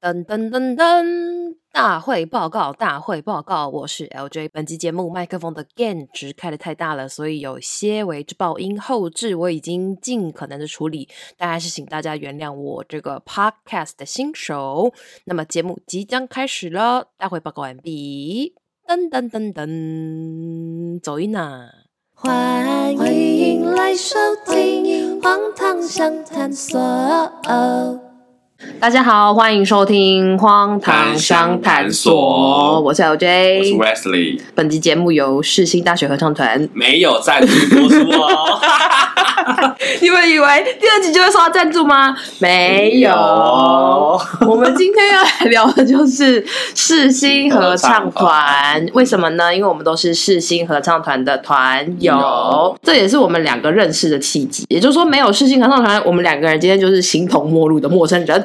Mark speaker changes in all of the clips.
Speaker 1: 噔噔噔噔，大會報告，大會報告，我是 LJ。本期節目麥克風的 gain 值開得太大了，所以有些位置爆音，後製我已經盡可能的處理，但還是請大家原諒我這個 podcast 的新手。那麼節目即將開始囉，大會報告完畢。噔噔噔噔，走音吶。歡迎來
Speaker 2: 收聽，
Speaker 1: 荒唐想探索哦。大家好，歡迎收聽《荒唐商談所》。我是 LJ，我是 Wesley。本集節目由世新大學合唱團
Speaker 2: 沒有贊助播出
Speaker 1: 哦。 你們以為第二集就會說要贊助嗎？沒有。 我們今天要來聊的就是世新合唱團，為什麼呢？因為我們都是世新合唱團的團友，No. 這也是我們兩個認識的契機。也就是說，沒有世新合唱團，我們兩個人今天就是形同陌路的陌生人。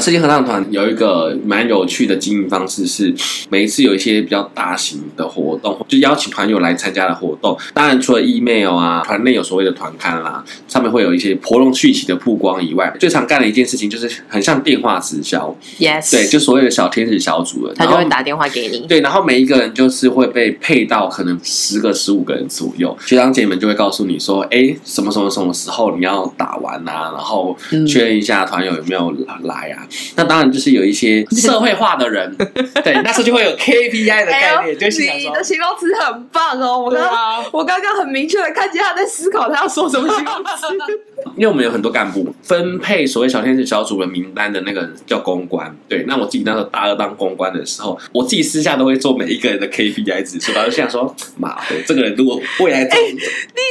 Speaker 2: 世新合唱團有一個蠻有趣的經營方式，是每一次有一些比較大型的活動，就邀請團友來參加的活動。當然，除了 email 啊，團內有所謂的團刊啦、啊，上面會有一些活動訊息的曝光以外，最常幹的一件事情就是很像電話直銷。
Speaker 1: Yes，對，就
Speaker 2: 所謂的小天使小組了，他就會打電話給你。對，然後每一個人就是會被配到可能十個、十五個人左右，學長姐，姐們就會告訴你說，哎、欸，什麼什麼什麼時候你要打完啊，然後確認一下團友有沒有來啊。嗯那當然就是有一些社會化的人， 對，那時候就會有 KPI 的概念。就是你
Speaker 1: 的形容詞很棒哦，我剛、啊、我剛剛很明確的看見他在思考他要說什麼形容詞。
Speaker 2: 因為我們有很多幹部分配所謂小天使小組的名單的那個人叫公關，對。那我自己那時候大二當公關的時候，我自己私下都會做每一個人的 KPI 指數，然後就想說媽的，這個人如果未來做、欸、怎樣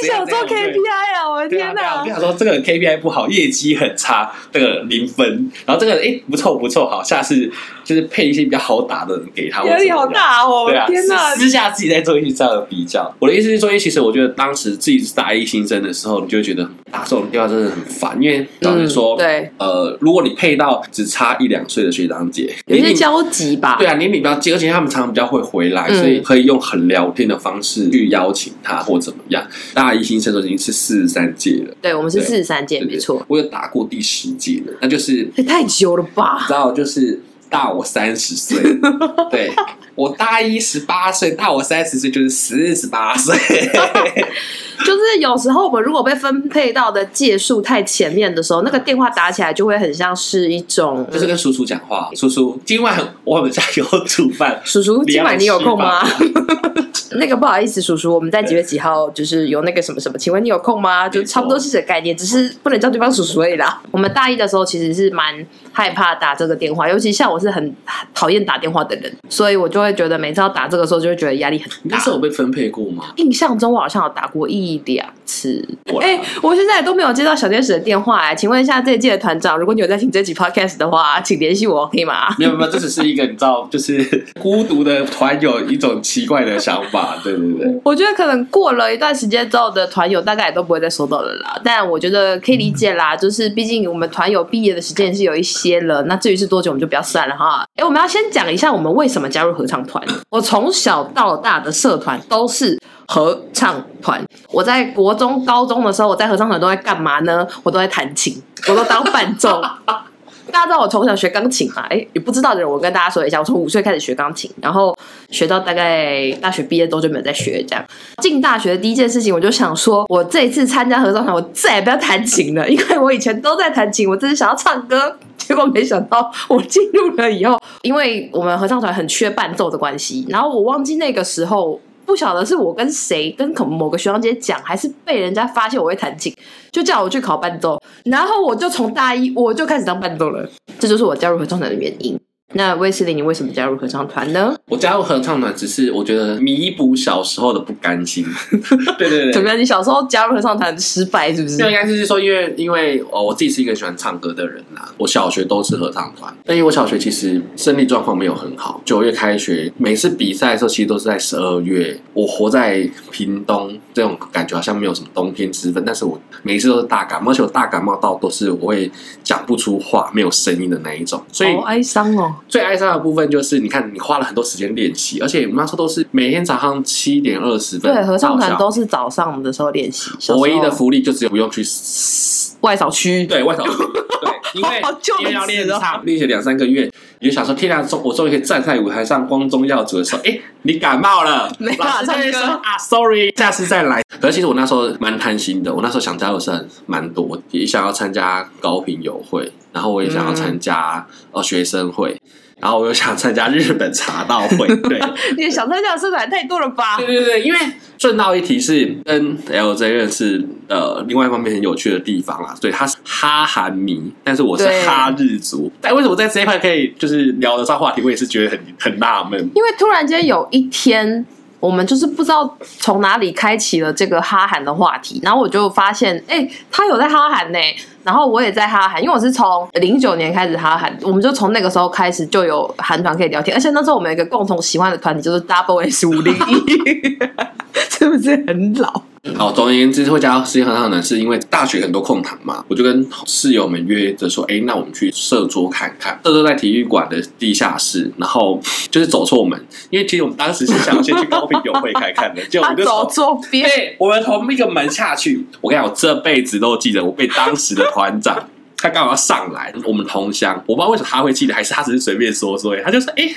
Speaker 2: 你想做 KPI
Speaker 1: 啊？我的天哪！啊、怎樣我就想說
Speaker 2: 這個 KPI 不好，業績很差，這個零分。然後這個人哎、欸，不錯不錯，好，下次就是配一些比較好打的人給他。壓力好
Speaker 1: 大哦、啊！我的天吶、啊。私下自
Speaker 2: 己在做一些這樣的比較。我的意思是說，其實我覺得當時自己是大一新生的時候，你就會覺得打中電話真的很煩，因為老實說，嗯、對，呃，如果你配到只差一兩歲的學長姐，有點交集吧？對啊，年齡比較接近，而且他們常常比較會回來，嗯、所以可以用很聊天的方式去邀請他或怎麼樣。大一新生都已經是四十三屆了，對，我們是四十三屆，對對對沒錯錯，我有打過第十屆了，那就是也、欸、太久了吧？你知道，就是大我三十歲， 對我大一十八歲，大我三十歲就是四十八歲。
Speaker 1: 就是有時候我們如果被分配到的屆數太前面的時候，那個電話打起來就會很像是一種，
Speaker 2: 就是跟叔叔講話。叔叔，今晚我們家有煮飯。叔叔，今晚你有空嗎？
Speaker 1: 那個不好意思，叔叔，我們在幾
Speaker 2: 月幾號就
Speaker 1: 是有那個什麼什麼？請問你有空嗎？就差不多是這個概念，只是不能叫對方叔叔而已啦。我們大一的時候其實是蠻害怕打這個電話，尤其像我是很討厭打電話的人，所以我就會覺得每次要打這個時候就會覺得壓力很大。你那時候
Speaker 2: 有被分配過嗎？
Speaker 1: 印象中我好像有打過一二次，欸，我現在也都沒有接到小天使的電話。哎、欸，請問一下這一屆的團長，如果你有在聽這集 podcast 的話，請聯繫我可以，OK 嗎？沒有沒
Speaker 2: 有，這只是一個你知道， 就是孤獨的團友一種奇怪的想法，對不對，
Speaker 1: 對。我覺得可能過了一段時間之後的團友大概也都不會再收到了啦，但我覺得可以理解啦， 就是畢竟我們團友畢業的時間是有一些了，那至於是多久，我們就不要算了哈。哎，欸，我們要先講一下我們為什麼加入合唱團。我從小到大的社團都是。合唱團，我在國中、高中的時候，我在合唱團都在幹嘛呢？我都在彈琴，我都當伴奏。 大家知道我從小學鋼琴嘛？哎、欸，也不知道的人，我跟大家說一下，我從五歲開始學鋼琴，然後學到大概大學畢業都就沒有在學這樣。進大學的第一件事情，我就想說，我這一次參加合唱團，我再也不要彈琴了，因為我以前都在彈琴，我這次想要唱歌。結果沒想到我進入了以後，因為我們合唱團很缺伴奏的關係，然後我忘記那個時候。不曉得是我跟誰，跟可某個學長姐講，還是被人家發現我會彈琴，就叫我去考伴奏。然後我就從大一我就開始當伴奏了。這就是我加入合唱團的原因。那衛斯理，你為什麼加入合唱團
Speaker 2: 呢？我加入合唱團只是我覺得彌補小時候的不甘心。 對對對。怎麼
Speaker 1: 樣？你小時候加入合唱團失敗是不是？對，應該
Speaker 2: 就是說因，因為因為哦，我自己是一個喜歡唱歌的人啦、啊。我小學都是合唱團，但因為我小學其實生理狀況沒有很好。九月開學，每次比賽的時候其實都是在十二月。我活在屏東，這種感覺好像沒有什麼冬天之分。但是我每一次都是大感冒，而且我大感冒到都是我會講不出話、沒有聲音的那一種。所以，好哀傷哦。最哀傷的部分就是，你看，你花了很多時間練習，而且那時候都是每天早上七點二十分，對，合唱團都
Speaker 1: 是早上
Speaker 2: 的時候練習。我唯一的福利就只有不用去外掃區，對，外掃區，因為就天要練唱，練了兩三個月，你就想說，天亮中，我終於可以站在舞台上光宗耀祖的時候，哎，你感冒了，老師說啊，sorry，下次再來。可是其實我那時候蠻貪心的，我那時候想加入的是蠻多，也想要參加高頻友會。然後我也想要參加呃學生會，嗯、然後我又想參加日本茶道會。對，
Speaker 1: 你也想參加的社團太多了吧？對對對，因
Speaker 2: 為順道一提是跟 LJ 認識呃，另外一方面很有趣的地方啦。對，他是哈韓迷，但是我是哈日族。對但為什麼在這一塊可以就是聊得上話題，我也是覺得很很納悶。
Speaker 1: 因為突然間有一天，我們就是不知道從哪裡開啟了這個哈韓的話題，然後我就發現哎、欸，他有在哈韓呢、欸。然後我也在哈韓，因為我是從零九年開始哈韓，我們就從那個時候開始就有韓團可以聊天，而且那時候我們有一個共同喜歡的團體，就是 Double S 501 是不是很老？
Speaker 2: 好、哦，總而言之，會加世新，很有可能是因為大學很多空堂嘛。我就跟室友們約着說：“哎、欸，那我們去社桌看看。”社桌在體育館的地下室，然後就是走錯門，因為其實我們當時是想要先去高屏友會看看的，就 結果我們就走錯邊。哎、欸，我們從一個門下去，我跟你講，我這輩子都記得，我被當時的團長 他剛好要上來，我們同鄉，我不知道為什麼他會記得，還是他只是隨便說說，所以他就說哎。欸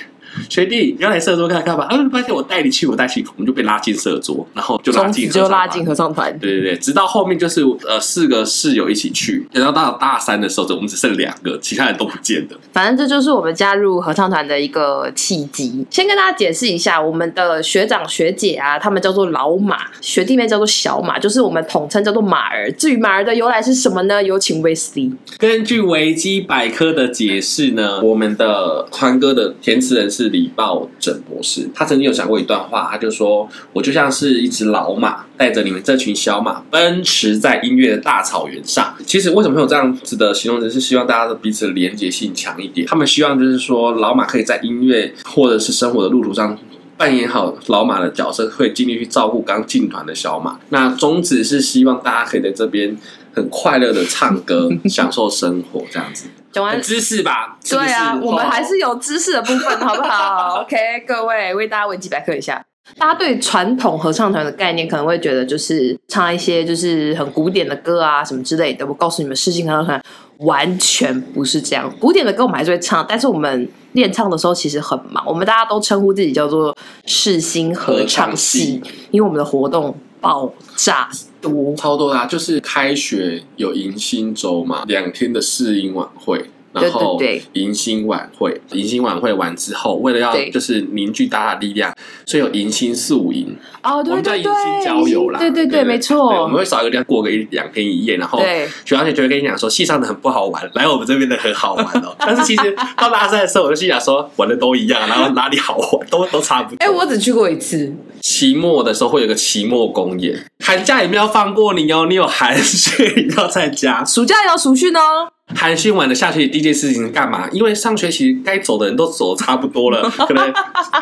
Speaker 2: 學弟，你要來社桌看看吧。他們發現我帶你去，我帶你去，我們就被拉進社桌，然後就拉進就拉進合唱團。對對對，直到後面就是呃，四個室友一起去，然後到大三的時候，我們只剩兩個，其他人都不見了。
Speaker 1: 反正這就是我們加入合唱團的一個契機。先跟大家解釋一下，我們的學長學姐啊，他們叫做老馬，學弟們叫做小馬，就是我們統稱叫做馬兒。至於馬兒的由來是什麼呢？有請 Wesley。
Speaker 2: 根據維基百科的解釋呢，我們的團歌的填詞人是。李抱忱博士，他曾經有講過一段話，他就說，我就像是一隻老馬，帶着你們這群小馬奔馳在音樂的大草原上。其實為什麼沒有這樣子的形容呢？是希望大家的彼此的連接性強一點。他們希望就是說，老馬可以在音樂或者是生活的路途上扮演好老馬的角色，會盡力去照顧剛進團的小馬。那宗旨是希望大家可以在這邊很快樂的唱歌， 享受生活，這樣子。
Speaker 1: 喜歡知識
Speaker 2: 吧？是不是？對啊，我們還是
Speaker 1: 有知識的部分，好不好 ？OK，各位，為大家維基百科一下。大家對傳統合唱團的概念可能會覺得就是唱一些就是很古典的歌啊什麼之類的。我告訴你們，世新合唱團完全不是這樣。古典的歌我們還是會唱，但是我們練唱的時候其實很忙。我們大家都稱呼自己叫做
Speaker 2: 世新合唱系，唱，因為我們的活動，爆炸多超多啦、啊，就是開學有迎新周嘛，兩天的試音晚會。然後迎新晚會，對對對，迎新晚會完之後，為了要就是凝聚大家的力量，所以有迎新宿營哦，
Speaker 1: 對對對，我們叫迎新郊遊啦。對對對，
Speaker 2: 沒錯對，我們會少一個地方過個一兩天一夜，然後徐小對姐就會跟你講說，系上的很不好玩，來我們這邊的很好玩哦。 但是其實到大三的時候，我就心想說， 玩的都一樣，然後哪裡好玩都都差不多。哎、欸，我只去過一次，期末的時候會有一個期末公演，寒假也沒有放過你哦，你有寒訓 要在家。暑假也要暑訓哦。寒暄完了，下學期，第一件事情是幹嘛？因為上學期該走的人都走差不多了， 可能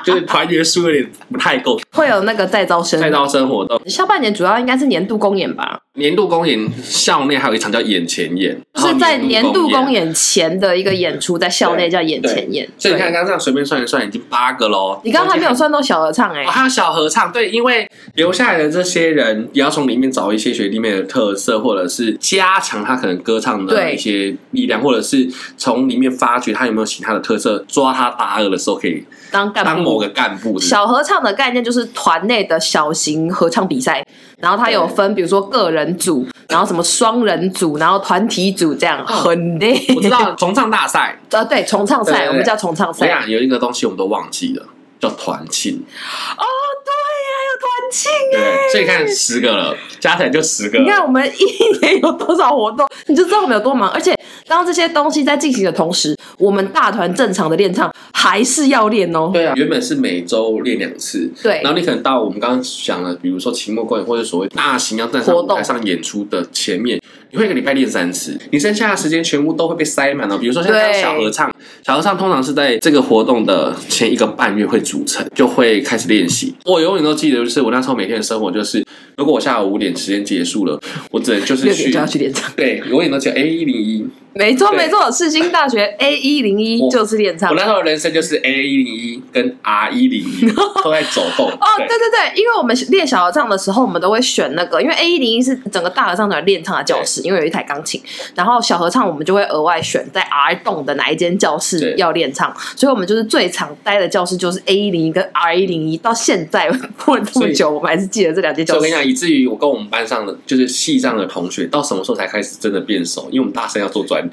Speaker 2: 就是團員數有點不太夠，會
Speaker 1: 有那個再招
Speaker 2: 生、再招生活動。
Speaker 1: 下半年主要應該是年度公演吧。
Speaker 2: 年度公演校內還有一場叫演前演，就是在年度公
Speaker 1: 演，公演前的一個演出，在校內叫演前演。所以你看，
Speaker 2: 剛剛隨便算一算一，已經八個嘍。你剛
Speaker 1: 剛還沒有算到小合唱哎、欸，
Speaker 2: 還、哦、有小合唱對，因為留下來的這些人也要從裡面找一些學弟妹的特色，或者是加強他可能歌唱的一些力量，對或者是從裡面發掘他有沒有其他的特色，抓他大二的時候可以
Speaker 1: 當當某個幹部、部。小合唱的概念就是團內的小型合唱比賽，然後他有分，對比如說個人。組，然後什麼雙人組，然後團體組，這樣很厲害。嗯、 我知道
Speaker 2: 重唱大賽，呃、
Speaker 1: 啊，對，重唱賽，對對對，我們叫重唱賽。
Speaker 2: 有一個東西我們都忘記了，叫團慶。哦，
Speaker 1: 對。團
Speaker 2: 慶，對，所以你看十個了，加起來就十個。你看
Speaker 1: 我們一年有多少活動，你就知道我們有多忙。而且，當這些東西在進行的同時，我們大團正常的練唱還是要練哦。對啊，
Speaker 2: 原本是每周練兩次，對。然後你可能到我們剛剛講了，比如說期末關或者所謂大型要上活動、上演出的前面，動你會一個禮拜練三次。你剩下的時間全部都會被塞滿了。比如說像小合唱，對小合唱通常是在這個活動的前一個半月會組成，就會開始練習。我永遠都記得就是是我那時候每天的生活，就是如果我下午五點時間結束了，我只能就是去 加對去點到對六點都七點，A，一零一。
Speaker 1: 沒錯對沒錯，世新大學 A 一零一就是練唱的我。我那時候
Speaker 2: 人生就是 A 一零一跟 R 一零一都在走動。 對哦，對對
Speaker 1: 對，因為我們練小合唱的時候，我們都會選那個，因為 A 一零一是整個大合唱團練唱的教室，對因為有一台鋼琴。然後小合唱我們就會額外選在 R 棟的哪一間教室要練唱，對所以我們就是最常待的教室就是 A 一零一跟 R 一零一。到現在過了這麼久，以我們還是記得這兩間教室。我跟你講，
Speaker 2: 以至於我跟我們班上的就是系上的同學，到什麼時候才開始真的變熟？因為我們大三要做轉。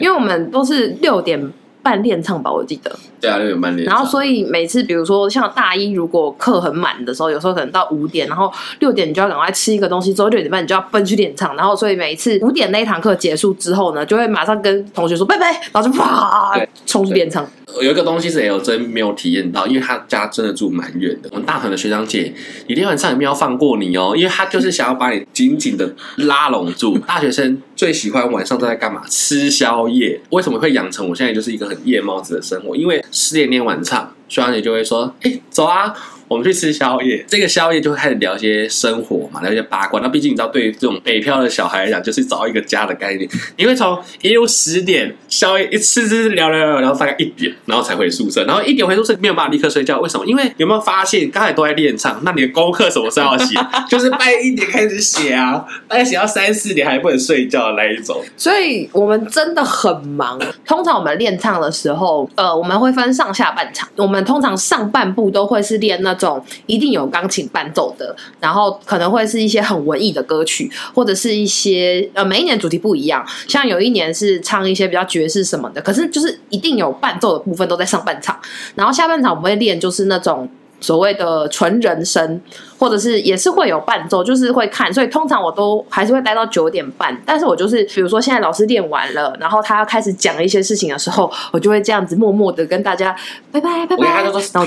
Speaker 2: 因為我
Speaker 1: 們都是六點。半練唱吧，我記得對啊，
Speaker 2: 六點半練。然後
Speaker 1: 所以每次，比如說像大一，如果課很滿的時候，有時候可能到五點，然後六點你就要趕快吃一個東西，之後六點半你就要奔去練唱。然後所以每一次五點那一堂課結束之後呢，就會馬上跟同學說拜拜，老師，就啪對衝去練唱。
Speaker 2: 有一個東西是 LJ 真沒有體驗到，因為他家真的住蠻遠的。我們大團的學長姐，一天晚上也沒有放過你哦，因為他就是想要把你緊緊的拉攏住。嗯、大學生最喜歡晚上都在幹嘛？吃宵夜。為什麼會養成我現在就是一個？很夜貓子的生活，因為十點練完唱，所以你就會說：“哎、欸，走啊！”我們去吃宵夜，這個宵夜就會開始聊一些生活嘛，聊一些八卦。那畢竟你知道，對於這種北漂的小孩來講，就是找一個家的概念。你會從一路十點宵夜一次次聊聊聊，然後大概一點，然後才回宿舍，然後一點回宿舍沒有辦法立刻睡覺，為什麼？因為有沒有發現剛才都在練唱，那你的功課什麼時候要寫？ 就是半夜一點開始寫啊， 大概寫到三四點還不能睡覺的那一種。
Speaker 1: 所以我們真的很忙。通常我們練唱的時候，呃，我們會分上下半場，我們通常上半部都會是練那。這種一定有鋼琴伴奏的。然後可能會是一些很文藝的歌曲，或者是一些呃，每一年主題不一樣，像有一年是唱一些比較爵士什麼的，可是就是一定有伴奏的部分都在上半場。然後下半場我們會練，就是那種所謂的純人聲。或者是也是會有伴奏，就是會看，所以通常我都還是會待到九點半。但是我就是，比如說現在老師練完了，然後他要開始講一些事情的時候，我就會這樣子默默的跟大家拜拜拜拜。然後
Speaker 2: 他就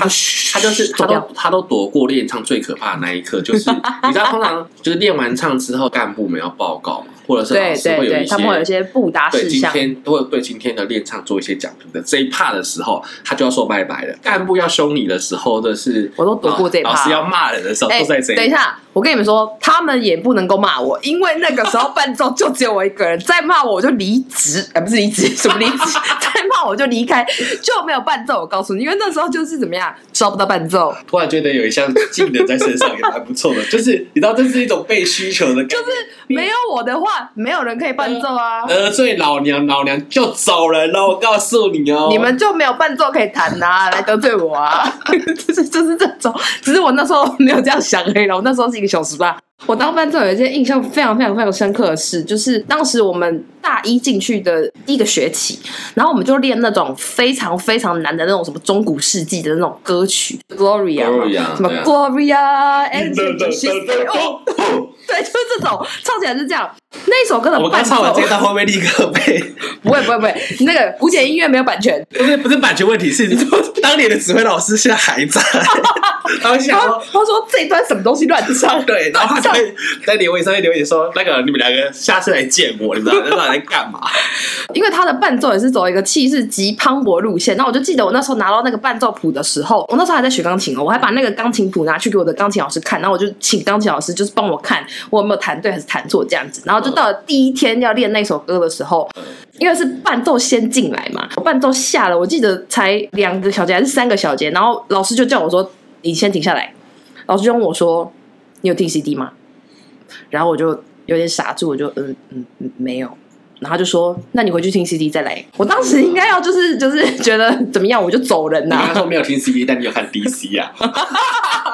Speaker 2: 他就是他都他都躲過練唱最可怕的那一刻，就是 你知道，通常就是練完唱之後，幹部們要報告嘛，或者是老師會有一些對對對，他們有一些
Speaker 1: 布達事
Speaker 2: 項，對今天都會對今天的練唱做一些講評的。這一 part 的時候，他就要說拜拜了。嗯、幹部要凶你的時候或、就、者是，我都躲過這一。老師要罵人的時候。欸在誰？
Speaker 1: 等一下，我跟你們說，他們也不能夠罵我，因為那個時候伴奏就只有我一個人。 再罵我，我就離職，哎、啊，不是離職，什麼離職？再罵我就離開，就沒有伴奏。我告訴你，因為那時候就是怎麼樣，找不到伴
Speaker 2: 奏。突然覺得有一項技能在身上也蠻不錯的， 就是你知道，這是一種被需求的感覺。就
Speaker 1: 是沒有我的話，沒有人可以伴奏啊。
Speaker 2: 得罪、呃呃、老娘，老娘就走人、哦、我告訴你哦，你們
Speaker 1: 就沒有伴奏可以彈啊，來得罪我啊。
Speaker 2: 就
Speaker 1: 是就是這種，只是我那時候沒有這樣想。講黑了，我那時候是一個小時吧。我當班長有一件印象非常非常非常深刻的事，就是當時我們大一進去的第一個學期，然後我們就練那種非常非常難的那種什麼中古世紀的那種歌曲 Gloria 哥亞，什麼 Gloria，啊 Gloria and 對，就是這種，唱起來是這樣。那一首歌的伴奏，我剛唱完，直接到後面
Speaker 2: 立刻被？
Speaker 1: 不會，不會，不會，那個古典音樂沒有版權。 不是，
Speaker 2: 不是版權問題，是你當年的指揮老師現在還在。 他
Speaker 1: 們會想 說， 他說這一段什麼東西亂唱？ 對，然後他
Speaker 2: 會在留言稍微留一點說，那個你們兩個下次來見我， 你知道那
Speaker 1: 是、個、幹嘛？ 因為他的伴奏也是走一個氣勢極磅礴路線。那我就記得我那時候拿到那個伴奏譜的時候，我那時候還在學鋼琴哦，我還把那個鋼琴譜拿去給我的鋼琴老師看，然後我就請鋼琴老師就是幫我看。我有沒有彈對還是彈錯這樣子，然後就到了第一天要練那首歌的時候，因為是伴奏先進來嘛，我伴奏下了，我記得才兩個小節還是三個小節，然後老師就叫我說：“你先停下來。”老師就問我說：“你有聽 CD 嗎？”然後我就有點傻住，我就嗯嗯嗯沒有，然後就說：“那你回去聽 CD 再來。”我當時應該要就是就是覺得怎麼樣我就走
Speaker 2: 人吶。然後沒有聽 CD，但你有看 DC 呀、啊。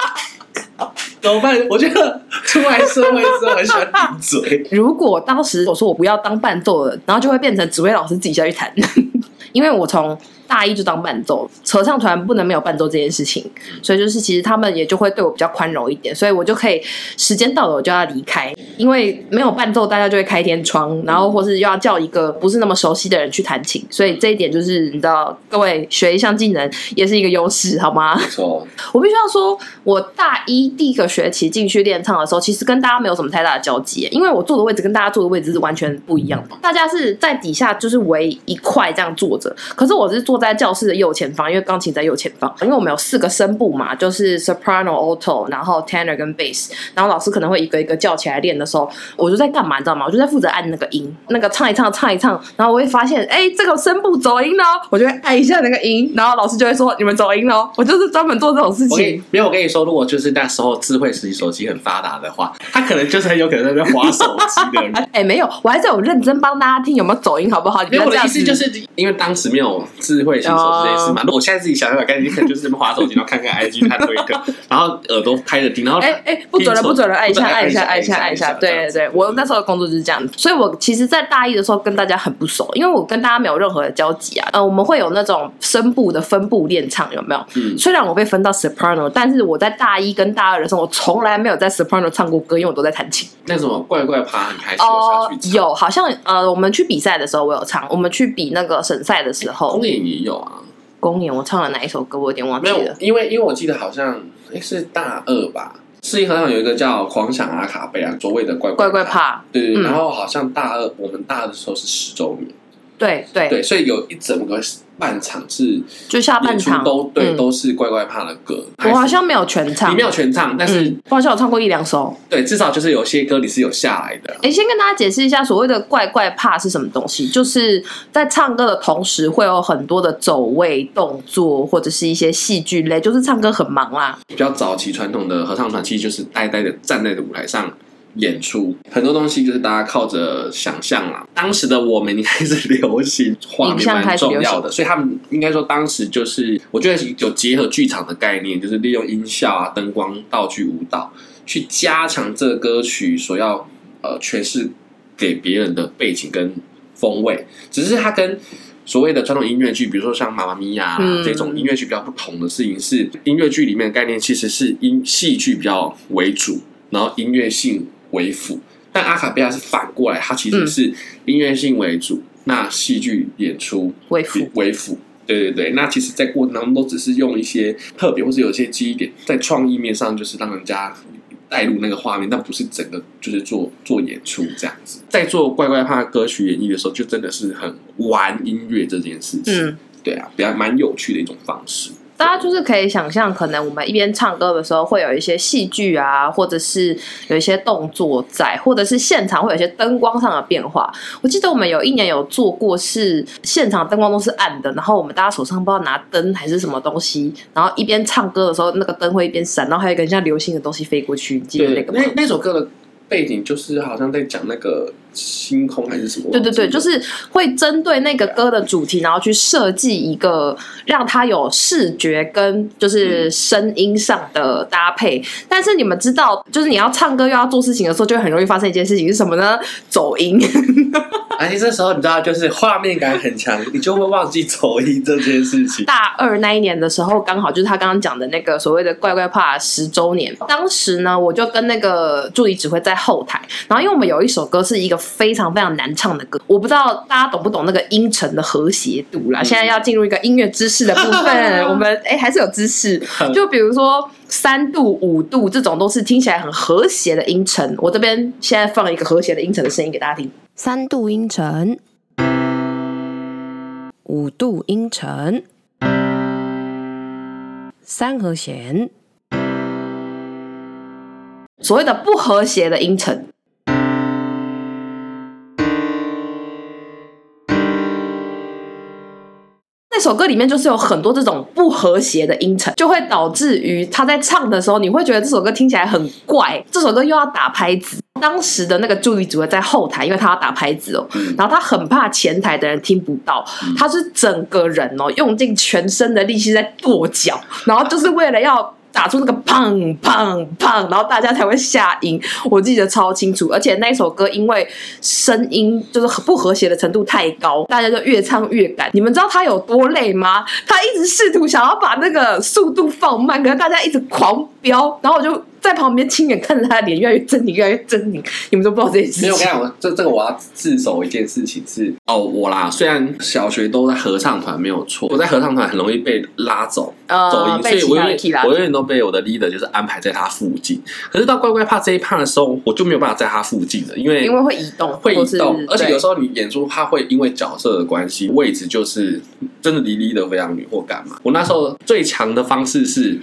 Speaker 2: 怎麼辦？我覺得出來社會之後很喜歡頂
Speaker 1: 嘴。 如果當時我說我不要當伴奏了，然後就會變成指揮老師自己下去彈， 因為我從大一就當伴奏，合唱團不能沒有伴奏這件事情，所以就是其實他們也就會對我比較寬容一點，所以我就可以時間到了我就要離開，因為沒有伴奏大家就會開天窗，然後或是又要叫一個不是那麼熟悉的人去彈琴，所以這一點就是你知道，各位學一項技能也是一個優勢，好嗎？沒錯， 我必須要說，我大一第一個學期進去練唱的時候，其實跟大家沒有什麼太大的交集，因為我坐的位置跟大家坐的位置是完全不一樣的，大家是在底下就是圍一塊這樣坐着，可是我是坐。在教室的右前方，因為鋼琴在右前方。因為我們有四個聲部嘛，就是 soprano、alto 然後 tenor 跟 bass。然後老師可能會一個一個叫起來練的時候，我就在幹嘛，你知道嗎？我就在負責按那個音，那個唱一唱，唱一唱。然後我會發現，哎、欸，這個聲部走音了，哦，我就會按一下那個音。然後老師就會說，你們走音了，哦。我就是專門做這種事情。Okay.
Speaker 2: 沒有，我跟你說，如果就是那時候智慧實習手機很發達的話，他可能就是很有可能在那邊滑手
Speaker 1: 機哎、 欸，沒有，我還在有認真幫大家聽有沒有走音，好不好？你不要這樣子。沒有，我的意思就
Speaker 2: 是因為當時沒有智慧。會、嗯、先做這件事嘛？我現在自己想想，趕緊就是在那邊劃手機，然後看看 IG，看推特，然後耳朵開着聽，然後哎哎、欸欸，不準了，不準了，按一，準按，一按一下，按一下，按一下，按一
Speaker 1: 下。對對，我那時候的工作就是這樣。所以我其實在大一的時候跟大家很不熟，因為我跟大家沒有任何的交集啊。呃，我們會有那種聲部的分部練唱，有沒有？嗯。雖然我被分到 soprano，但是我在大一跟大二的時候，我從來沒有在 soprano 唱過歌，因為我都在彈琴。那什麼
Speaker 2: 怪怪爬很
Speaker 1: 開心哦，有、呃、唱有好像呃，我們去比賽的時候我有唱，我們去比那個省賽的時候。欸也有啊，公演我唱了哪一首歌，我有點忘記了。沒有，因為
Speaker 2: 因為我記得好像哎、欸、是大二吧，是世新合唱有一個叫《狂想阿卡貝拉，卓位》的怪怪怕，對，對對。嗯、然後好像大二我們大二的時候是十周年。
Speaker 1: 對對，對，
Speaker 2: 所以有一整個半場是就下半場都對、嗯、都是怪怪怕的歌，我好像沒有全唱，你沒有全唱，嗯、但是、嗯、
Speaker 1: 我好像有唱過一兩首。
Speaker 2: 對，至少就是有些歌你是有下來的、啊。
Speaker 1: 誒，先跟大家解釋一下所謂的怪怪怕是什麼東西，就是在唱歌的同時會有很多的走位動作或者是一些戲劇類，就是唱歌很
Speaker 2: 忙啦。比較早期傳統的合唱團其實就是呆呆的站在的舞台上。演出很多東西就是大家靠着想象啦，當時的我們還是流行畫面蠻重要的，所以他們應該說當時就是，我覺得有結合劇場的概念，就是利用音效啊、燈光、道具、舞蹈去加強這個歌曲所要呃詮釋給別人的背景跟風味。只是它跟所謂的傳統音樂劇，比如說像《媽媽咪呀》啊這種音樂劇比較不同的事情是，音樂劇裡面的概念其實是音戲劇比較為主，然後音樂性為輔，但阿卡貝拉是反過來，它其實是音樂性為主，嗯、那戲劇演出為輔，為輔。對對對，那其實在過程當中都只是用一些特別，或是有些記憶點，在創意面上就是讓人家帶入那個畫面，但不是整個就是做做演出這樣子。在做怪怪怕歌曲演繹的時候，就真的是很玩音樂這件事情，嗯、對啊，比較蠻有趣的一種方式。
Speaker 1: 大家就是可以想象，可能我們一邊唱歌的時候，會有一些戲劇啊，或者是有一些動作在，或者是現場會有一些燈光上的變化。我記得我們有一年有做過，是現場燈光都是暗的，然後我們大家手上不知道拿燈還是什麼東西，然後一邊唱歌的時候，那個燈會一邊閃，然後還有一個像流星的東西飛過去，你記得那個嗎？那那首
Speaker 2: 歌的背景就是好像在講那個。星空還是什麼？對對對，就是
Speaker 1: 會針對那個歌的主題，然後去設計一個讓他有視覺跟就是聲音上的搭配。嗯、但是你們知道，就是你要唱歌又要做事情的時候，就很容易發生一件事情是什麼呢？走音。
Speaker 2: 而 且、欸、這時候你知道，就是畫面感很強， 你就會忘記走音這件事情。大
Speaker 1: 二那一年的時候，剛好就是他剛剛講的那個所謂的“怪怪怕”十周年。當時呢，我就跟那個助理指揮在後台，然後因為我們有一首歌是一個。非常非常難唱的歌，我不知道大家懂不懂那個音程的和諧度啦。嗯。現在要進入一個音樂知識的部分， 我們哎、欸、還是有知識，就比如說三度、五度這種都是聽起來很和諧的音程。我這邊現在放一個和諧的音程的聲音給大家聽，三度音程、五度音程、三和弦，所謂的不和諧的音程。這首歌裡面就是有很多這種不和諧的音程，就會導致於他在唱的時候，你會覺得這首歌聽起來很怪。這首歌又要打拍子，當時的那個助理組在後台，因為他要打拍子哦，然後他很怕前台的人聽不到，他是整個人哦用盡全身的力氣在跺腳，然後就是為了要。打出那個砰砰砰，然後大家才會下音。我記得超清楚，而且那一首歌因為聲音就是不和諧的程度太高，大家就越唱越趕。你們知道他有多累嗎？他一直試圖想要把那個速度放慢，可是大家一直狂飆，然後我就。在旁邊親眼看着他的臉越來越猙獰，越來越猙獰越越，你們都不知道這件事情。沒有，看講，我
Speaker 2: 這這個我要自首一件事情是哦，我啦，雖然小學都在合唱團沒有錯，我在合唱團很容易被拉走，哦、走音，所以我我永遠都被我的 leader 就是安排在他附近。可是到乖乖怕這一怕的時候，我就沒有辦法在他附近了，因為因為會移
Speaker 1: 動，會移動，是是而且有時候
Speaker 2: 你演出，他會因為角色的關係，對位置就是真的離 leader 非常遠或幹嘛。我那時候最強的方式是。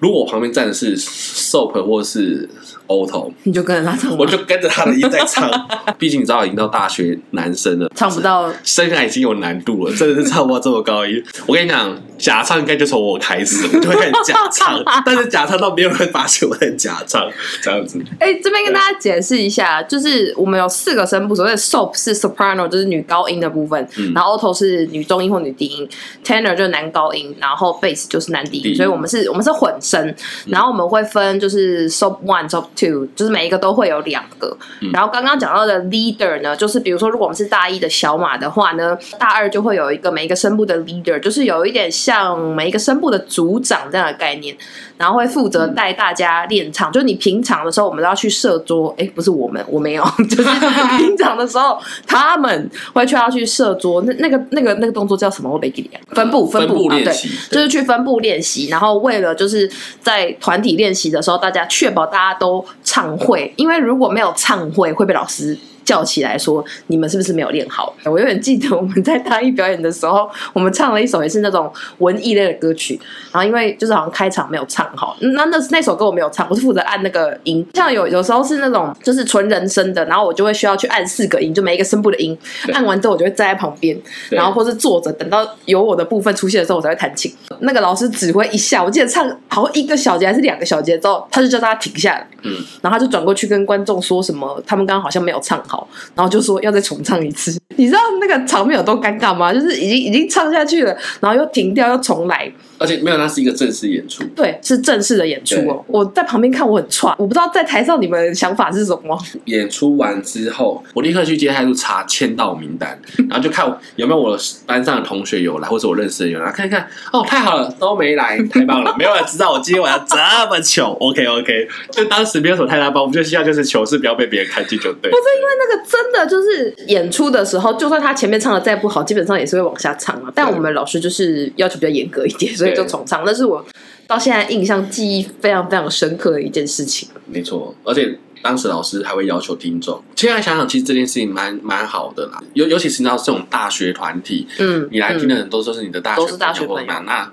Speaker 2: 如果我旁邊站的是 Soap，或是 alto，你
Speaker 1: 就跟着他唱，我
Speaker 2: 就跟着他的音在唱。 畢竟你知道，已經到大學男生了，唱不到聲線已經有難度了，真的是唱不到這麼高音。 我跟你講，假唱應該就從我開始，就會很假唱。 但是假唱到沒有人發現我很假唱，這樣
Speaker 1: 子。哎、欸，這邊跟大家解釋一下，對就是我們有四個聲部，所謂 sop 是 soprano，就是女高音的部分，嗯、然後 alto 是女中音或女低音，tenor 就是男高音，然後 bass 就是男低音，低音所以我們是，我們是混聲，然後我們會分就是 sop one sop。To, 就是每一個都會有兩個，嗯、然後剛剛講到的 leader 呢，就是比如說，如果我們是大一的小馬的話呢，大二就會有一個每一個聲部的 leader，就是有一點像每一個聲部的組長這樣的概念，然後會負責帶大家練唱。嗯、就是你平常的時候，我們都要去設桌，哎，不是我們，我沒有， 就是平常的時候， 他們會去要去設桌。那那個那個那個動作叫什麼？我背給你，分部分部練、啊、對對就是去分部練習。然後為了就是在團體練習的時候，大家確保大家都。唱會，因為如果沒有唱會，會被老師，笑起來說：“你們是不是沒有練好？”我有點記得我們在大一表演的時候，我們唱了一首也是那種文藝類的歌曲。然後因為就是好像開場沒有唱好，嗯、那那那首歌我沒有唱，我是負責按那個音。像有有時候是那種就是純人聲的，然後我就會需要去按四個音，就每一個聲部的音。對按完之後我就會站在旁邊，然後或是坐着，等到有我的部分出現的時候，我才會彈琴。那個老師指揮一下，我記得唱好像一個小節還是兩個小節之後，他就叫大家停下來。嗯，然後他就轉過去跟觀眾說什麼，他們剛剛好像沒有唱好。然後就說要再重唱一次，你知道那個場面有多尷尬嗎？就是已經已經唱下去了，然後又停掉，又重來。
Speaker 2: 而且沒有，那是一個正式演出。
Speaker 1: 對，是正式的演出哦、喔。對我在旁邊看，我很喘，我不知道在台上你們想法是什麼。
Speaker 2: 演出完之後，我立刻去接待處查簽到名單，然後就看有沒有我班上的同學有來，或者我認識的有來看一看。哦、喔，太好了，都沒來，太棒了， 沒有人知道我今天晚上這麼糗。 OK，OK，okay, okay, 就當時沒有什麼太大包袱，我們就希望就是糗事不要被別人看見就對了。不
Speaker 1: 是因為那個真的就是演出的時候，就算他前面唱的再不好，基本上也是會往下唱嘛。對但我們老師就是要求比較嚴格一點，所以。對就重唱，那是我到現在印象記憶非常非常深刻的一件事情。沒錯，
Speaker 2: 而且當時老師還會要求聽眾。現在想想，其實這件事情蠻蠻好的啦。尤尤其是你知道這種大學團體，嗯，你來聽的人都是你的大學同、嗯、學，那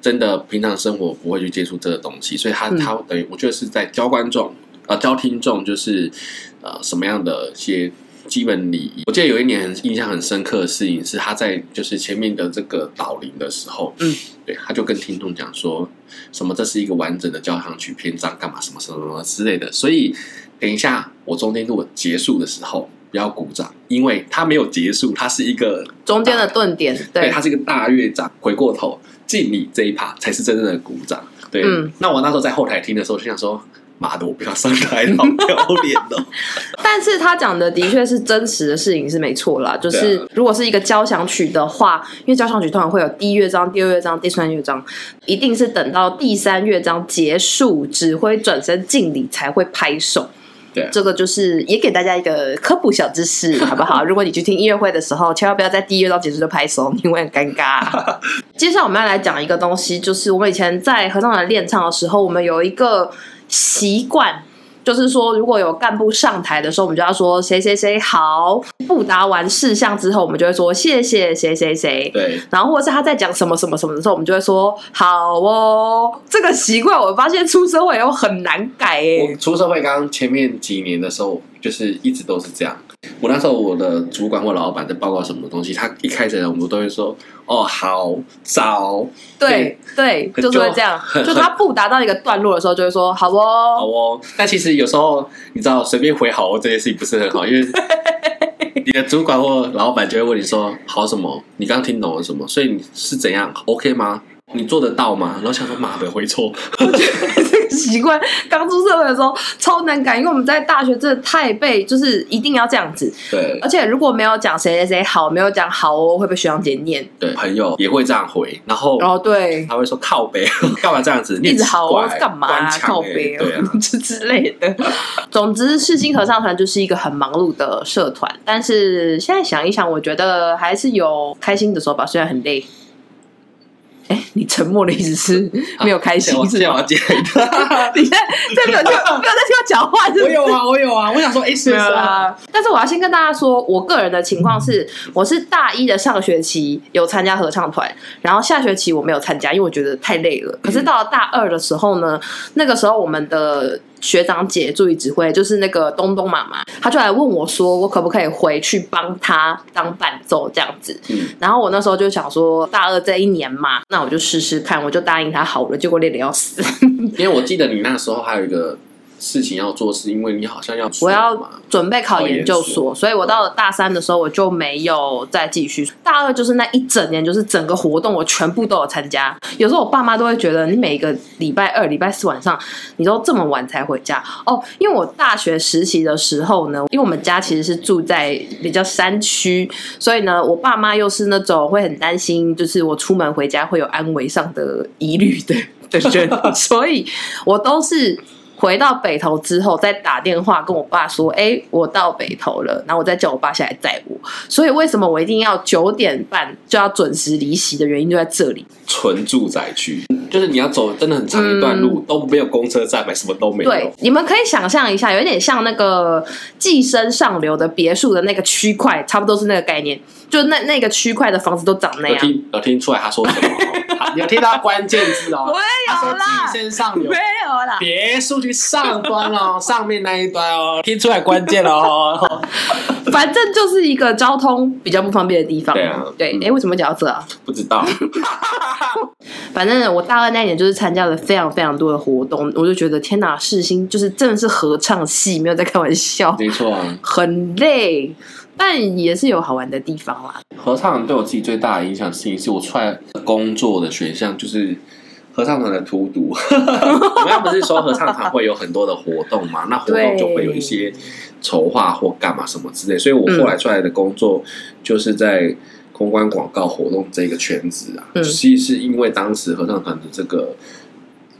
Speaker 2: 真的平常生活不會去接觸這個東西，嗯、所以他他等於我覺得是在教觀眾，啊、呃、教聽眾就是呃什麼樣的一些。基本禮儀，我記得有一年印象很深刻的事情是，他在就是前面的這個導聆的時候，嗯，對，他就跟聽眾講說，什麼這是一個完整的交響曲篇章，幹嘛什麼什麼什麼之類的。所以等一下，我中間如果結束的時候不要鼓掌，因為他沒有結束，他是一個
Speaker 1: 中間的頓點，對，對，他
Speaker 2: 是一個大樂長，回過頭敬你這一趴才是真正的鼓掌。對，嗯，那我那時候在後台聽的時候就想說，媽的，我不要上台，老丟臉了。
Speaker 1: 但是他講的的確是真實的事情，是沒錯啦。就是如果是一個交響曲的話，因為交響曲通常會有第一樂章、第二樂章、第三樂章，一定是等到第三樂章結束，指揮轉身敬禮才會拍手。對，這個就是也給大家一個科普小知識，好不好？ 如果你去聽音樂會的時候，千萬不要在第一樂章結束就拍手，因為很尷尬啊。 接下來我們要來講一個東西，就是我們以前在合唱團練唱的時候，我們有一個習慣。就是說，如果有幹部上台的時候，我們就要說誰誰誰好。布達完事項之後，我們就會說謝謝誰誰誰。對。然後或者是他在講什麼什麼什麼的時候，我們就會說好哦。這個習慣我發現出社會後很難改哎。我
Speaker 2: 出社會，剛剛前面幾年的時候，就是一直都是這樣。我那時候，我的主管或老闆在報告什麼東西，他一開始我們都會說：“哦，好早。對對”
Speaker 1: 對對，就是會這樣，就他不達到一個段落的時候，就會說：“好哦，好
Speaker 2: 哦。”但其實有時候你知道，隨便回“好哦”這件事情不是很好，因為你的主管或老板就會問你說：“好什麼？你剛聽懂了什麼？所以你是怎樣？OK 嗎？你做得到嗎？”然後想說：“媽的回，回錯。”
Speaker 1: 習慣剛出社會的時候超難改，因為我們在大學真的太被就是一定要這樣子。對，而且如果沒有講誰誰誰好，沒有講好哦，會被學長姐念。
Speaker 2: 對，朋友也會這樣回，然後哦對，他會說靠北，幹嘛這樣子，你一直好哦，幹嘛啊？欸、靠北、啊，對、
Speaker 1: 啊，之 之類的。 總之，世新合唱團就是一個很忙碌的社團，但是現在想一想，我覺得還是有開心的時候吧，雖然很累。哎，你沉默的意思是沒有開心？是嗎 我要接一段，你現在根本就沒有在聽我講話是不是。我有啊，我有啊，我想說，哎、欸，是，是啊，啊。但是我要先跟大家說，我個人的情況是，我是大一的上學期有參加合唱團，然後下學期我沒有參加，因為我覺得太累了。可是到了大二的時候呢， 那個時候我們的。學長姐助理指揮，就是那個東東媽媽，她就來問我說：“我可不可以回去幫她當伴奏這樣子？”嗯、然後我那時候就想說：“大二這一年嘛，那我就試試看，我就答應她好了。”結果累得要死， 因為我記得
Speaker 2: 你那時候還有一個。事情要做，是因為你好像要。我要
Speaker 1: 準備考研究所，所以我到了大三的時候，我就沒有再繼續。大二就是那一整年，就是整個活動我全部都有參加。有時候我爸媽都會覺得，你每個禮拜二、禮拜四晚上，你都這麼晚才回家哦。因為我大學實習的時候呢，因為我們家其實是住在比較山區，所以呢，我爸媽又是那種會很擔心，就是我出門回家會有安危上的疑慮的，對不對？所以我都是。回到北投之後，再打電話跟我爸說：“哎、欸，我到北投了。”然後我再叫我爸下來載我。所以，為什麼我一定要九點半就要準時
Speaker 2: 離席的原因就在這裡。純住宅區，就是你要走的真的很長一段路，嗯、都沒有公車站，什麼都沒有。對，
Speaker 1: 你們可以想象一下，有點像那個寄生上流的別墅的那個區塊，差不多是那個概念。就那那個區塊的房子都長那樣，有聽
Speaker 2: 有聽出來他說什麼、哦？ 他你有聽到關鍵字哦。 沒有啦，先先上沒有啦，別墅去上端哦，上面那一端哦，聽出來關鍵哦。
Speaker 1: 反正就是一個交通比較不方便的地方。對啊，對。哎、嗯欸，為什麼講到這啊？
Speaker 2: 不知道。
Speaker 1: 反正我大二那年就是參加了非常非常多的活動，我就覺得天哪世，世新就是真的是合唱系，沒有在開玩笑。沒錯、啊、很累。但也是有好玩的地方啊。
Speaker 2: 合唱團對我自己最大的影響，是情是我出來的工作的選項就是合唱團的荼毒。剛剛不是說合唱團會有很多的活動嘛？ 那活動就會有一些籌劃或幹嘛什麼之類，對所以我後來出來的工作就是在公關廣告活動這個圈子啊，嗯、其實是因為當時合唱團的這個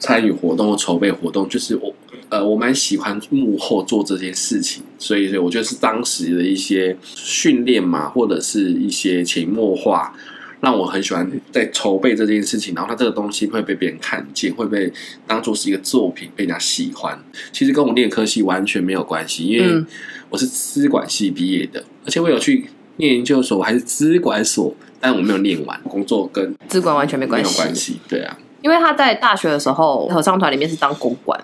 Speaker 2: 參與活動、籌備活動，就是我。呃，我蠻喜歡幕後做這件事情，所以所以我覺得是當時的一些訓練嘛，或者是一些潛移默化，讓我很喜歡在籌備這件事情。然後它這個東西會被別人看見，會被當作是一個作品被人家喜歡。其實跟我念科系完全沒有關係，因為我是資管系畢業的，嗯、而且我有去念研究所，我還是資管所，但我沒有念完。工作跟資管完全沒關係，沒有關係。對啊。
Speaker 1: 因為他在大學的時候，合唱團裡面是當
Speaker 2: 公關，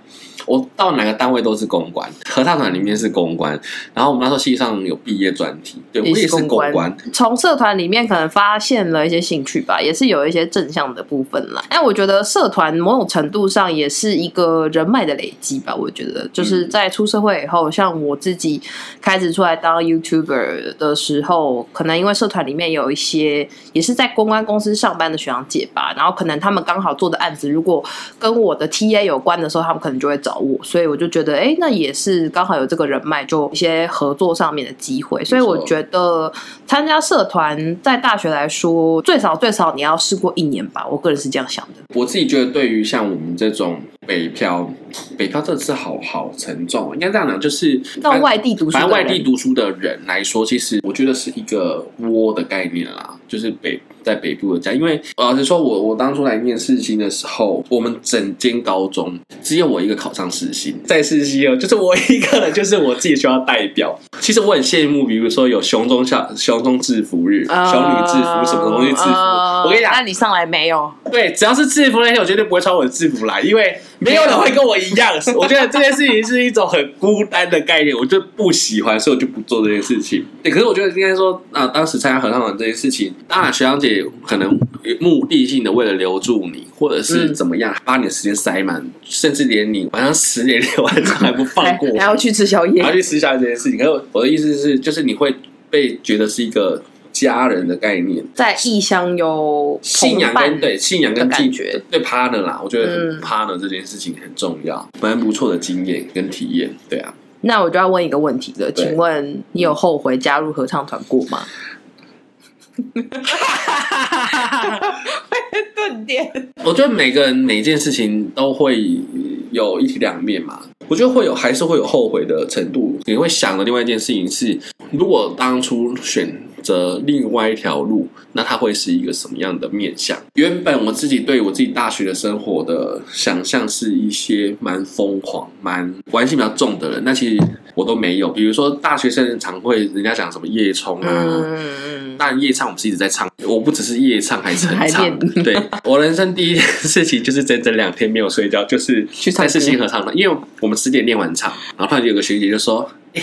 Speaker 2: 我到哪個單位都是公關，合唱團裡面是公關。然後我們那時候系上有畢業專題，對，也我也是公關。
Speaker 1: 從社團裡面可能發現了一些興趣吧，也是有一些正向的部分啦。但我覺得社團某種程度上也是一個人脈的累積吧。我覺得就是在出社會以後，嗯，像我自己開始出來當 YouTuber 的時候，可能因為社團裡面有一些也是在公關公司上班的學長姐吧，然後可能他們剛好做。案子如果跟我的 TA 有關的時候，他們可能就會找我，所以我就覺得，哎、欸，那也是剛好有這個人脈，就一些合作上面的機會。沒錯。所以我覺得參加社團在大學來說，最少最少你要試過一年吧。我個人是這樣想
Speaker 2: 的。我自己覺得，對於像我們這種北漂，北漂真的是好好沉重。應該這樣講，就是到外地讀書，來外地讀書的人來說，其實我覺得是一個窩的概念啦，就是北。在北部的家，因為老實說我，我我當初來面試世新的時候，我們整間高中只有我一個考上世新，在世新哦，就是我一個人，就是我自己需要代表。其實我很羨慕，比如說有雄中校、雄中制服日、雄、呃、女制服什麼東西制
Speaker 1: 服。呃、我跟你講，呃、那你上來沒有？
Speaker 2: 對，只要是制服那些，我絕對不會穿我的制服來，因為。沒有人會跟我一樣，我覺得這件事情是一種很孤單的概念， 我就不喜歡，所以我就不做這件事情。對，可是我覺得應該說，啊，當時參加合唱團這件事情，當然學長姐可能目的性的為了留住你，或者是怎麼樣，嗯、把你的時間塞滿，甚至連你晚上十點、練完還不放過，還要去吃宵夜，還要去吃宵夜吃小這件事情。然後我的意思是，就是你會被覺得是一個。家人的概念，
Speaker 1: 在異鄉有
Speaker 2: 的信仰跟對信仰跟感覺，對 partner、嗯、啦，我覺得 partner 這件事情很重要，蠻、嗯、不錯的經驗跟體驗，對啊。
Speaker 1: 那我就要問一個問題了，對請問
Speaker 2: 你有後悔
Speaker 1: 加入合唱團過嗎？
Speaker 2: 嗯、 我覺得每個人每件事情都會有一體兩面嘛。我覺得會有，還是會有後悔的程度。你會想的另外一件事情是，如果當初選擇另外一條路，那它會是一個什麼樣的面向？原本我自己對我自己大學的生活的想象是一些蠻瘋狂、蠻玩性比較重的人，那其實我都沒有。比如說大學生常會人家講什麼夜衝啊，嗯、但夜唱我們是一直在唱。我不只是夜唱，還晨唱。對，我人生第一件事情就是整整兩天沒有睡覺，就是去信和唱世新合唱的，因為我們。十點練完唱，然後突然就有個學姐就說：“欸，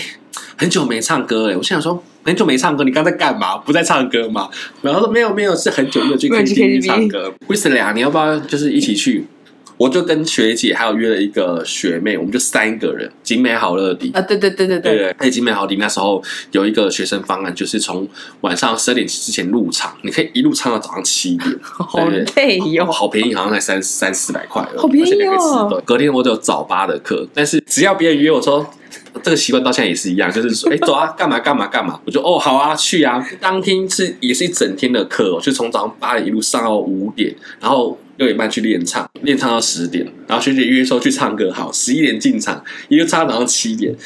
Speaker 2: 很久沒唱歌了。”我心想說：“很久沒唱歌，你剛在幹嘛？不在唱歌嗎？”然後說：“沒有沒有，是很久沒有去 KTV 唱歌。” Wesley 你要不要就是一起去？我就跟學姐還有約了一個學妹，我們就三個人，景美好樂迪啊，對對對對對，對，對，對，對景美好迪那時候有一個學生方案，就是從晚上十二點之前入場，你可以一路唱到早上七點，對好累喲、哦，好便宜，好像才三三四百塊而已，好便宜哦。隔天我都有早八的課，但是只要別人約我說這個習慣到現在也是一樣，就是說，哎走啊，幹嘛幹嘛幹嘛，我就哦好啊去啊，當天是也是一整天的課，我就從早上八點一路上到五點，然後。六點半去練唱，練唱到十點，然後學姐約說去唱歌，好，十一點進場，一個唱到然後七點。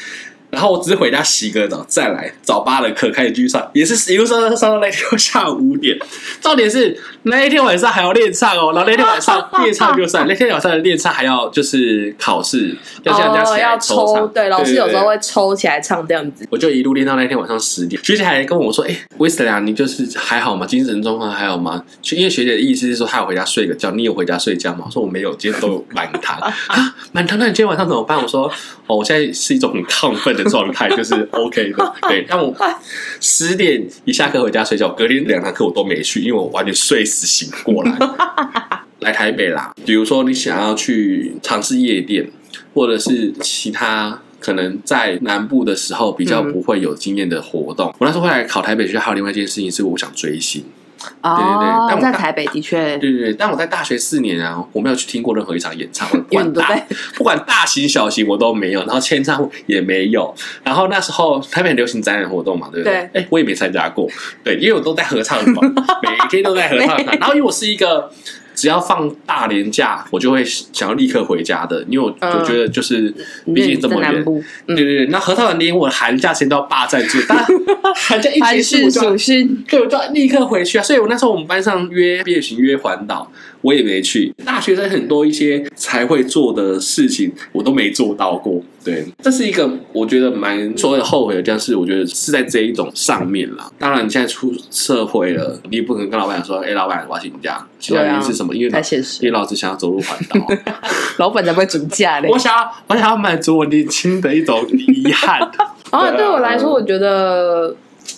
Speaker 2: 然後我只是回家洗個澡，再來早八的課開始繼續上，也是一路上上，上到那天下午五點。重點是那一天晚上還要練唱哦，然後那天晚上練唱就算。哦、那天晚上的練唱還要就是考試，哦、要向人家起來抽唱。抽對，對對對老師有時候會
Speaker 1: 抽起來唱這樣子。
Speaker 2: 我就一路練到那天晚上十點，學姐還跟我說：“哎、欸，Wesley，你就是還好嗎？精神狀況還好嗎？”學因為學姐的意思是說，她要回家睡個覺。你有回家睡覺嗎？我說我沒有，今天都有滿堂 啊，滿堂那你今天晚上怎麼辦？我說哦，我現在是一種很亢奮的。狀態 就是 OK 的，對。但我十點一下課回家睡覺， 隔天兩堂課我都沒去，因為我完全睡死醒過來。 來台北啦，比如說你想要去嘗試夜店，或者是其他可能在南部的時候比較不會有經驗的活動。嗯、我那時候會來考台北，學校還有另外一件事情是，我想追星。
Speaker 1: 對對對，oh, 但我在
Speaker 2: 台北的確，對對對，但我在大學四年啊，我沒有去聽過任何一場演唱會，不管大 不管大型小型我都沒有，然後簽唱會也沒有，然後那時候台北很流行展覽活動嘛，對不對？哎對，我也沒參加過，對，因為我都在合唱團， 每天都在合唱團， 然後因為我是一個。只要放大連假，我就會想要立刻回家的，因為我我覺得就是，畢竟這麼遠，嗯嗯嗯、對對對。那合唱團連我的寒假前都要霸占住，寒假一結束我就,就,我就要立刻回去啊！所以，我那時候我們班上約畢業行約，約環島。我也沒去，大學生很多一些才會做的事情，我都沒做到過。對，這是一個我覺得蠻所謂後悔的，就是我覺得是在這一種上面啦。當然，你現在出社會了，嗯、你不可能跟老闆說：“哎、嗯欸，老闆，我請假，原因是什麼？”因為老太現實因為老是想要走入環島。
Speaker 1: 老闆怎麼會准假
Speaker 2: 呢？我想要，我想要滿足我年輕的一種遺憾。 啊，啊，對我來
Speaker 1: 說，我覺得。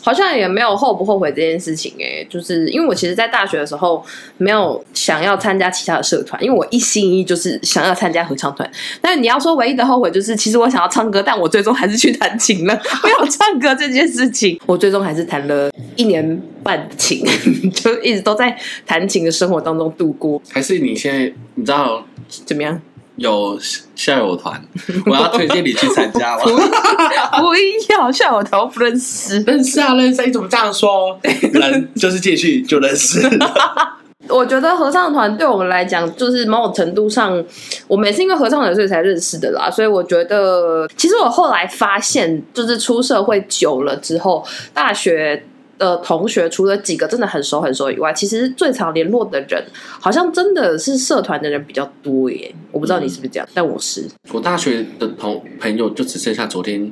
Speaker 1: 好像也沒有後不後悔這件事情哎、欸，就是因為我其實，在大學的時候沒有想要參加其他的社團，因為我一心一意就是想要參加合唱團。但你要說唯一的後悔，就是其實我想要唱歌，但我最終還是去彈琴了，沒有唱歌這件事情。 我最終還是彈了一年半的琴，就一直都在彈
Speaker 2: 琴的生活當中度過。還是你現在你知道怎麼樣？有校友團，我要推薦你去參加了 我不。不要校友團，團我不認識。認識啊，認識，你怎麼這樣說？認就是進去就認識。
Speaker 1: 我覺得合唱團對我們來講，就是某種程度上，我們也是因為合唱團所以才認識的啦。所以我覺得，其實我後來發現，就是出社會久了之後，大學的同學除了幾個真的很熟很熟以外，其實最常聯絡的人好像真的是社團的人比較多耶。我不知道你是不是這樣，嗯、但我是。
Speaker 2: 我大學的朋朋友就只剩下昨天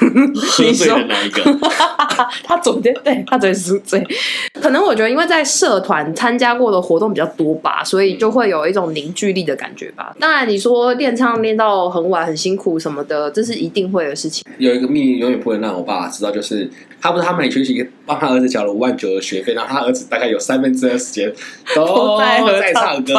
Speaker 2: 喝醉的那一個。你說
Speaker 1: 他昨天，對，他昨天宿醉， 可能我覺得因為在社團參加過的活動比較多吧，所以就會有一種凝聚力的感覺吧。當然，你說練唱練到很晚很辛苦什麼的，這是一定會的事情。
Speaker 2: 有一個秘密永遠不會讓我爸知道，就是他不是他每學期幫他。她兒子繳了五萬九的學費，然後他兒子大概有三分之二時間都在唱歌。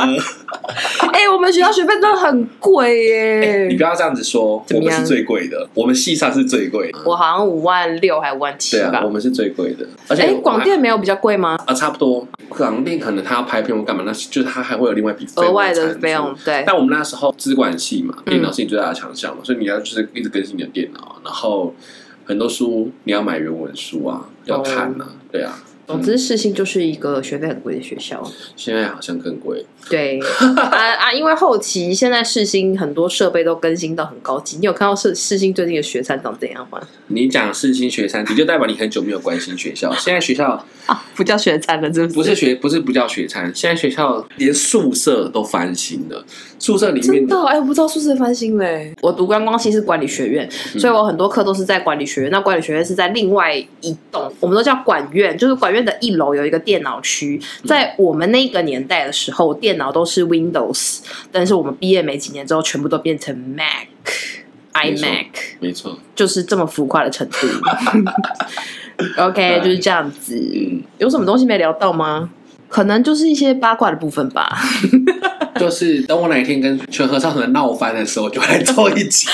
Speaker 2: 哎、 欸，
Speaker 1: 我們學校學費真的很貴，欸欸，你不
Speaker 2: 要這樣子說。我們是最貴的，我們系上是最貴。
Speaker 1: 我好像五萬六還是
Speaker 2: 五萬七吧對。啊？我們是最貴的，而且哎，廣，欸、廣電沒有比較貴嗎？啊，差不多。廣電可能他要拍片我幹嘛，那就是他還會有另外一筆額外的費用。是是對。但我們那時候資管系嘛，電腦是你最大的強項嘛，嗯、所以你要就是一直更新你的電腦，然後。很多書你要買原文書啊，要看啊，oh. 對啊。總之，嗯哦、世
Speaker 1: 新就是一個學費很貴的學校，
Speaker 2: 現在好像更貴。
Speaker 1: 對。 啊啊，因為後期現在世新很多設備都更新到很高級。你有看到世世新最近的學餐長怎樣嗎？
Speaker 2: 你講世新學餐，你就代表你很久沒有關心學校。 現在學校啊，不叫學餐了，反正不是學，不是不叫學餐。現在學校連宿舍都翻新了，宿舍裡面真
Speaker 1: 的？哎、欸，我不知道宿舍翻新嘞。我讀觀光系是管理學院，嗯、所以我很多課都是在管理學院。那管理學院是在另外一棟，我們都叫管院，就是管院的一樓有一個電腦區，在我們那個年代的時候，電腦都是 Windows，但是我們畢業沒幾年之後，全部都變成 Mac、iMac，沒
Speaker 2: 錯，
Speaker 1: 就是這麼浮誇的程度。OK，就是這樣子。有什麼東西沒聊到嗎？可能就是一些八卦的部分吧。
Speaker 2: 就是等我哪一天跟全合唱團鬧翻的時候，就來做一集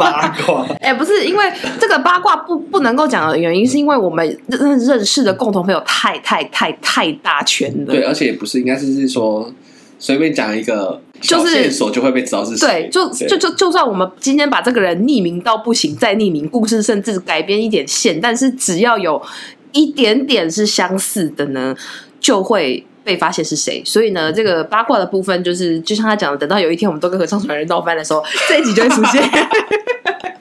Speaker 1: 八卦。哎， 欸、不是，因為這個八卦不不能夠講的原因，是因為我們認認識的共同朋友太太太太大圈了。對，而且也
Speaker 2: 不是，應該是是說隨便講一個，就是說線索就會被知道是誰、就是。對，就對
Speaker 1: 就就就算我們今天把這個人匿名到不行，再匿名故事，甚至改編一點線，但是只要有一點點是相似的呢，就會。被發現是誰，所以呢，這個八卦的部分就是，就像他講的，等到有一天我們都跟合唱團人鬧翻的時候，這一集就會出現。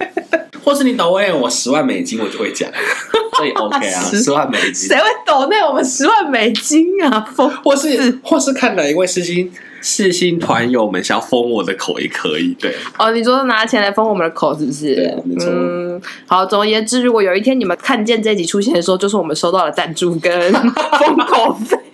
Speaker 2: 或是你抖內我，我十萬美金，我就會講，所以 OK 啊， 十,十萬美金，誰
Speaker 1: 會抖內我們十萬美金啊？封，或是，是
Speaker 2: 或是看哪一位世新世新團友們想要封我的口也可以，
Speaker 1: 對。哦，你說是拿錢來封我們的口是不是？對。嗯，好。總而言之，如果有一天你們看見這一集出現的時候，就是我們收到了贊助跟封口費。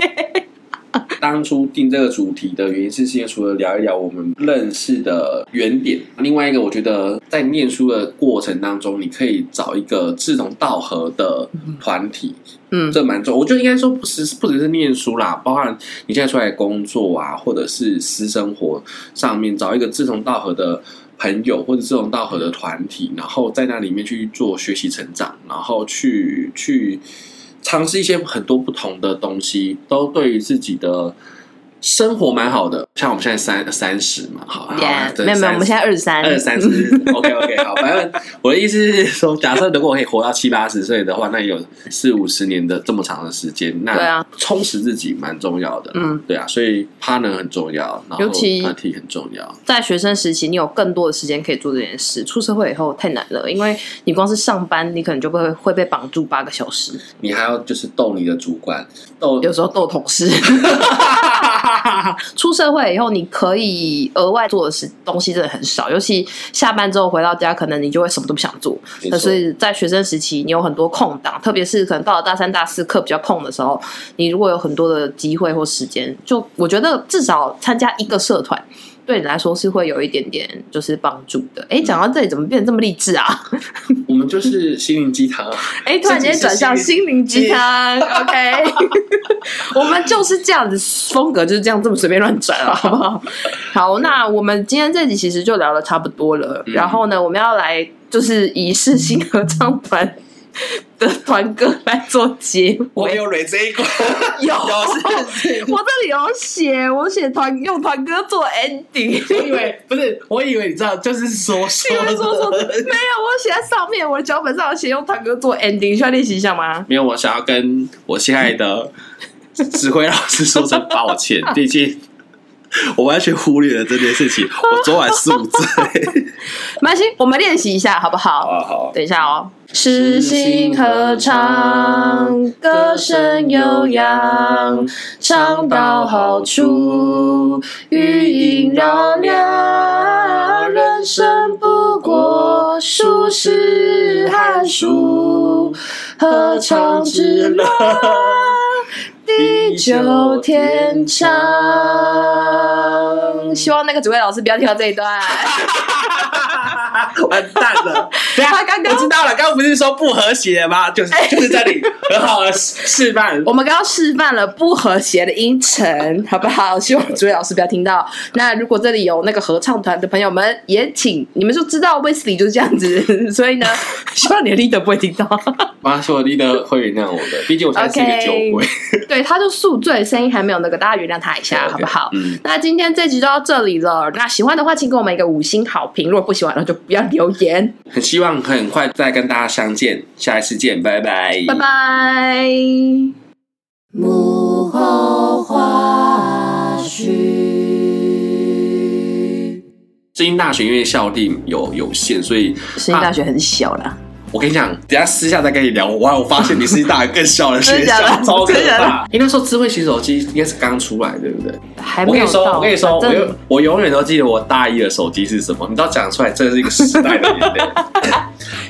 Speaker 2: 當初定這個主題的原因是，先除了聊一聊我們認識的原點，另外一個我覺得，在念書的過程當中，你可以找一個志同道合的團體，嗯，這蠻重要。我覺得應該說，不是不只是念書啦，包含你現在出來工作啊，或者是私生活上面，找一個志同道合的朋友，或者志同道合的團體，然後在那裡面去做學習成長，然後去，去。嘗試一些很多不同的東西，都對於自己的生活蠻好的，像我們現在三三十嘛，好，yeah, 好對，沒有沒有，30, 我們現在二十三，二三十，OK OK，好，反正我的意思是說，假設如果我可以活到七八十歲的話，那有四五十年的這麼長的時間，那對啊，充實自己蠻重要的，嗯、啊，對啊，所以 partner 很重要，然後 party 很重要，
Speaker 1: 在學生時期你有更多的時間可以做這件事，出社會以後太難了，因為你光是上班，你可能就會會被綁
Speaker 2: 住八個小時，你還要就是逗你的主管，逗，有時候逗同事。
Speaker 1: 出社會以後，你可以額外做的事東西真的很少，尤其下班之後回到家，可能你就會什麼都不想做。可是在學生時期，你有很多空檔，特別是可能到了大三大四課比較空的時候，你如果有很多的機會或時間，就我覺得至少參加一個社團。對你來說是會有一點點就是幫助的。哎，講到這裡怎麼變得這麼勵志啊？我
Speaker 2: 們就是心靈雞湯。哎，突然間轉向心靈雞湯靈雞
Speaker 1: ，OK？ 我們就是這樣子 風格，就是這樣這麼隨便亂轉啊，好不好？好，那我們今天這集其實就聊得差不多了。嗯、然後呢，我們要來就是世新合唱團。嗯 的團歌來做節目，我有雷這一有， 有 我這裡有寫，我寫團用團歌做 ending，我
Speaker 2: 以為 不是，不是，我以為你知道，就是說說的 說，說
Speaker 1: 的沒有，我寫在上面，我的腳本上有寫用團歌做 ending，你需要練習一下嗎？
Speaker 2: 沒有，我想要跟我親愛的指揮老師說聲抱歉，畢竟。 我完全忽略了這件事情，我昨晚十五歲，
Speaker 1: 沒關係，我們練習一下，好不好？好，啊好啊。等一下哦，世新合唱，歌聲悠揚，唱到好處，餘音繞梁。人生不過數十寒暑，合唱之樂。 地久天長，希望那個主位老師不要跳到這一段。
Speaker 2: 完蛋了！他剛剛知道了，剛剛不是說不和諧嗎？就是就是這裡很好
Speaker 1: 的示範。我們剛剛示範了不和諧的音程，好不好？希望主位老師不要聽到。那如果這裡有那個合唱團的朋友們，也請你們就知道 w 斯理就是這樣子。所以呢，希望你 l e a d r 不會聽到。
Speaker 2: 媽，說 l e a d r 會原諒我的，畢竟我才是一個酒
Speaker 1: 鬼。對，他就宿醉，聲音還沒有那個，大家原諒他一下，好不好？那今天這集就到這裡了。那喜歡的話，請給我們一個五星好評。如果不喜歡的話，就不要。留言。
Speaker 2: 很希望很快再跟大家相見，下一次見，拜拜，拜
Speaker 1: 拜 bye。幕後花
Speaker 2: 絮。世新大學因為校地有有限，所以世新大學很小啦。啊我跟你講，等一下私下再跟你聊。哇，我發現你是一大更小的學校， 的超可怕。應該說智慧型手機應該是剛出來，對不對？還我跟你說，我跟你說，啊、我我永遠都記得我大一的手機是什麼。你知道講出來，這是一個時代的年代。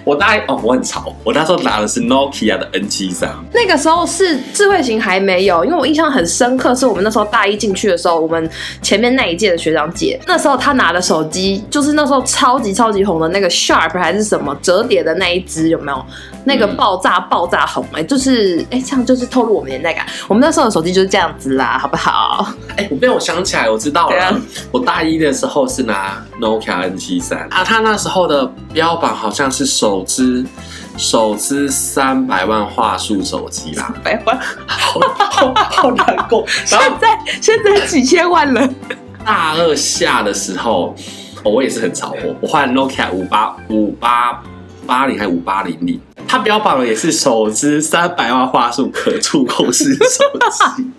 Speaker 2: 我大一哦，我很潮。我那時候拿的是 Nokia 的 N73，
Speaker 1: 那個時候是智慧型還沒有。因為我印象很深刻，是我們那時候大一進去的時候，我們前面那一屆的學長姐，那時候他拿的手機就是那時候超級超級紅的那個 Sharp 還是什麼折疊的那一隻，有沒有？那個爆炸爆炸紅哎、欸，就是哎、欸，這樣就是透露我們年代感。我們那時候的手機就是這樣子啦，好不好？哎、欸，
Speaker 2: 我被我想起來，我知道了。啊、我大一的時候是拿。Nokia N73 啊，它那時候的標榜好像是首支首支，三百萬畫素手機啦，哎萬，好，好難過。現在
Speaker 1: 現在幾千萬了。
Speaker 2: 大二下的時候，哦、我也是很潮我，我換 Nokia 五八五八八零還五八零零，他標榜的也是首支三百萬畫素可觸控式手機。